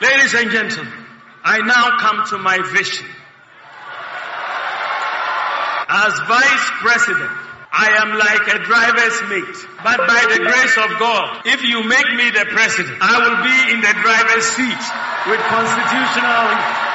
Ladies and gentlemen, I now come to my vision. As vice president, I am like a driver's mate. But by the grace of God, if you make me the president, I will be in the driver's seat with constitutional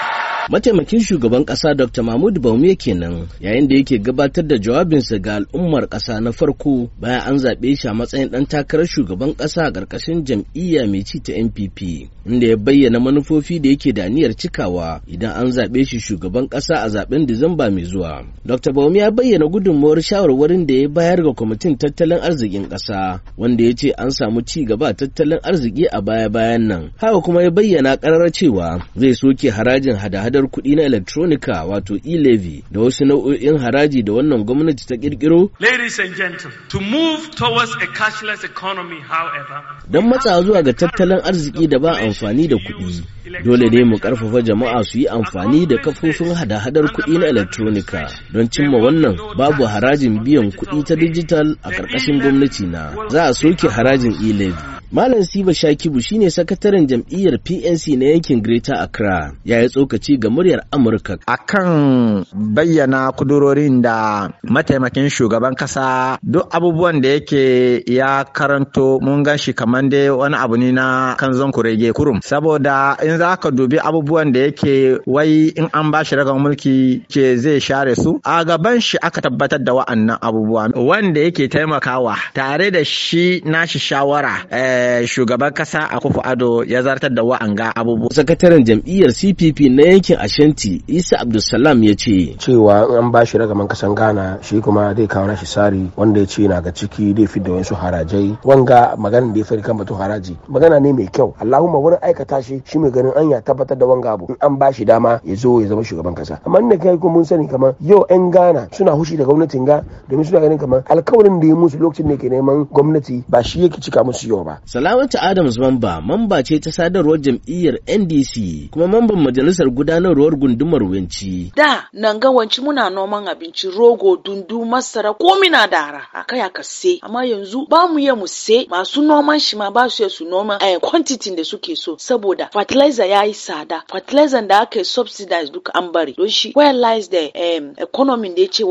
Mataimakin shugaban ƙasa Dr. Mahmud Baume kenan yayin da yake gabatar da jawabinsa ga al'ummar ƙasa na farko bayan an zaɓe shi a matsayin ɗan takarar shugaban ƙasa a ƙarƙashin jam'iyya mai ci ta NPP inda ya bayyana manufofi da yake da aniyar cikawa idan an zaɓe shi shugaban ƙasa a zaɓen Disamba mai zuwa. Dr. Baume ya bayyana gudunmawar shawarwarin da ya bayar ga kwamitin tattalin arzikin ƙasa wanda ya ce an samu ci gaba tattalin arziki a baya-bayan nan. Haka kuma ya bayyana ƙararra cewa zai soke harajin hada-hada hada kuɗi na electronica wato e-levy da wasu nau'o'in haraji da wannan gwamnati ta ƙirƙiro. Ladies and move towards a economy however. Don matsa zuwa ga tattalin arziki da ba amfani da kuɗi. Dole ne mu ƙarfafa jama'a su yi amfani da kafofin hada-hadar kuɗi na electronica don cimma wannan babu harajin biyan kuɗi ta digital a ƙarƙashin gwamnati na. Za a soke harajin e-levy. Malam Siba Shakibu shine sakataren jam'iyyar PNC na yankin Greater Accra ya yi tsokaci ga muryar Amurka. Akan bayyana kudurorin da mataimakin shugaban kasa duk abubuwan da yake ya karanto mun gan kamar dai wani abu ne na kanzon kurege kurum. Saboda in za ka dubi abubuwan da yake wai in an ba shi ragan mulki ke zai share su a gaban shi aka tabbatar da wa'annan abubuwa wanda yake taimakawa tare da shi nashi shawara. Eh, Eh, shugaban kasa Akufo Ado ya zartar da wa'anga abubuwa. Sakataren jam'iyyar CPP na yankin Ashanti Isa Abdulsalam ya ce. Cewa an ba shi ragaman kasan Ghana shi kuma zai kawo nashi sari wanda ya ce na ga ciki zai fi da wasu harajai. Wanga magana da ya fari kan batun haraji magana ne mai kyau. Allahumma wurin aikata shi shi mai ganin an ya tabbatar da wanga abu in an ba shi dama ya zo ya zama shugaban kasa. Amma inda kai kuma mun sani kamar yau 'yan Ghana suna hushi da gwamnatin ga domin suna ganin kamar alkawarin da ya musu lokacin da ke neman gwamnati ba shi yake cika musu yau ba Salamatu Adams Mamba mamba ce ta sadarwar jam'iyyar NDC kuma mamban majalisar gudanarwar gundumar Wenci. Da nan ga Wenci muna noman abinci rogo, dundu, masara ko mina da araha kai aka se amma yanzu ba mu ya mu se masu noman shi ma ba su su noman eh quantity da suke so saboda fertilizer yayi tsada fertilizer da aka subsidize duka an bari don shi where lies the um, economy da yace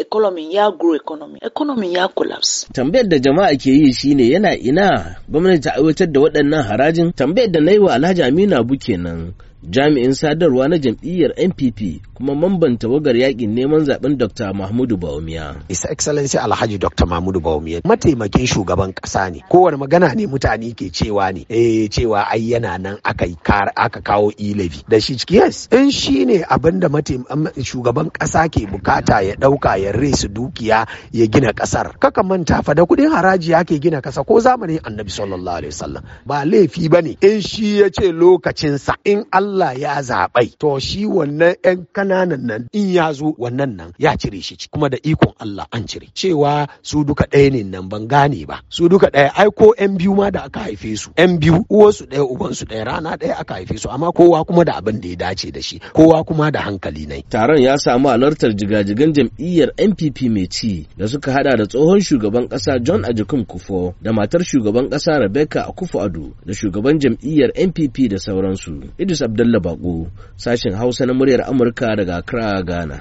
economy ya grow economy economy ya collapse. Tambayar da jama'a ke yi shine yana ina gwamnati ta aiwatar da waɗannan harajin tambayar da na yi wa alhaji aminu abu kenan jami'in sadarwa na jam'iyyar npp kuma mamban tawagar yakin neman zaben dr mahmudu bawumiya his excellency alhaji dr mahmudu bawumiya mataimakin shugaban kasa ne kowane magana ne mutane ke cewa ne eh cewa ai yana nan aka aka kawo ilabi da shi ciki yes in shi ne abin da shugaban kasa ke bukata ya dauka ya resu dukiya ya gina kasar kaka manta fa da kudin haraji yake gina kasa ko zamanin annabi sallallahu alaihi wasallam ba laifi bane in shi ya ce lokacinsa in Allah Allah ya zaɓai to shi wannan 'yan kananan nan in ya zo wannan nan ya cire shi kuma da ikon Allah an cire cewa su duka ɗaya ne nan ban gane ba su duka ɗaya ai ko 'yan biyu ma da aka haife su 'yan biyu uwarsu ɗaya ubansu ɗaya rana ɗaya aka haife su amma kowa kuma da abin da ya dace da shi kowa kuma da hankali ne. Taron ya samu halartar jigajigan jam'iyyar NPP mai ci da suka hada da tsohon shugaban ƙasa John Ajikun Kufo da matar shugaban ƙasa Rebecca Akufo-Addo da shugaban jam'iyyar NPP da sauransu. Idris Abdalla Bako, sashen Hausa na muryar Amurka daga Accra, Ghana.